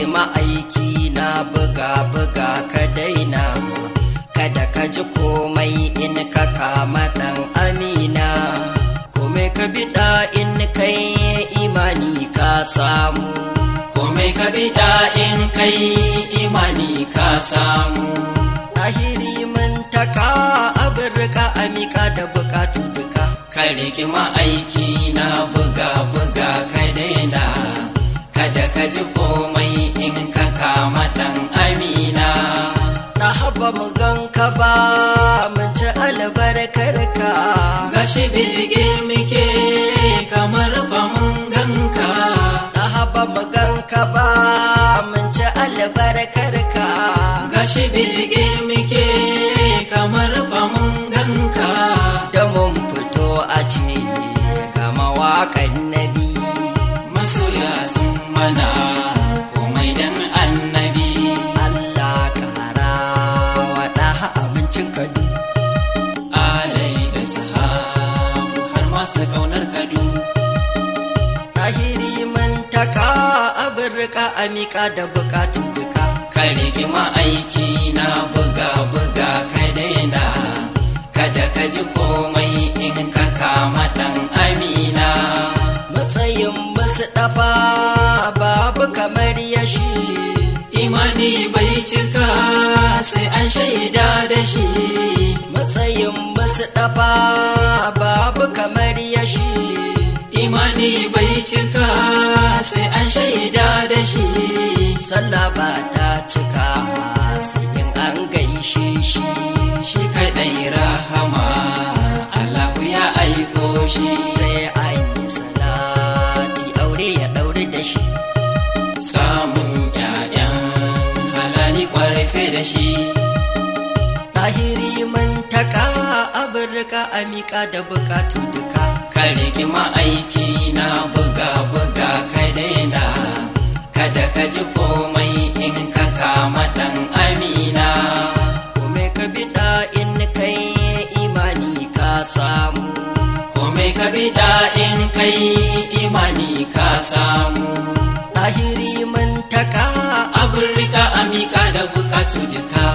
ki ma'aiki na buga-buga ka daina kada ka ji komai in ka kama dan amina kome ka biɗa in kai imani ka samu kome ka biɗa in kai imani ka samu ahiri mun taka abirka amika da bukatu duka ka riƙi ma'aiki na buga-buga ka daina kada ka ji komai ba mu ka ba mun ci albarkar ka gashi bege muke kamar ba mun ganka ba mu ka ba mun ci albarkar ka gashi bege muke kamar ba mun ka. da mun fito a ce kama waƙan nabi masoya sun tahiri man taka abin amika da bukatun duka ka rigima aiki na buga buga ka daina kada ka ji komai in ka kama ɗan amina matsayin basu babu kamar yashi imani bai cika sai an shaida da shi matsayin basu bai cika sai an shaida da shi sallah ba ta cika sai in an gaishe shi shi kaɗai rahama Allahu ya aiko shi sai an yi salati aure ya ɗaure da shi samun ƴaƴan halali kwarai sai da shi tahiri man taka abarka amika da bukatu duka ka ma aiki na buga buga ka daina kada ka ji komai in ka kama ɗan amina kome ka biɗa in kai imani ka samu kome ka biɗa in kai imani ka samu Lahiri mun taka abin amika da buka duka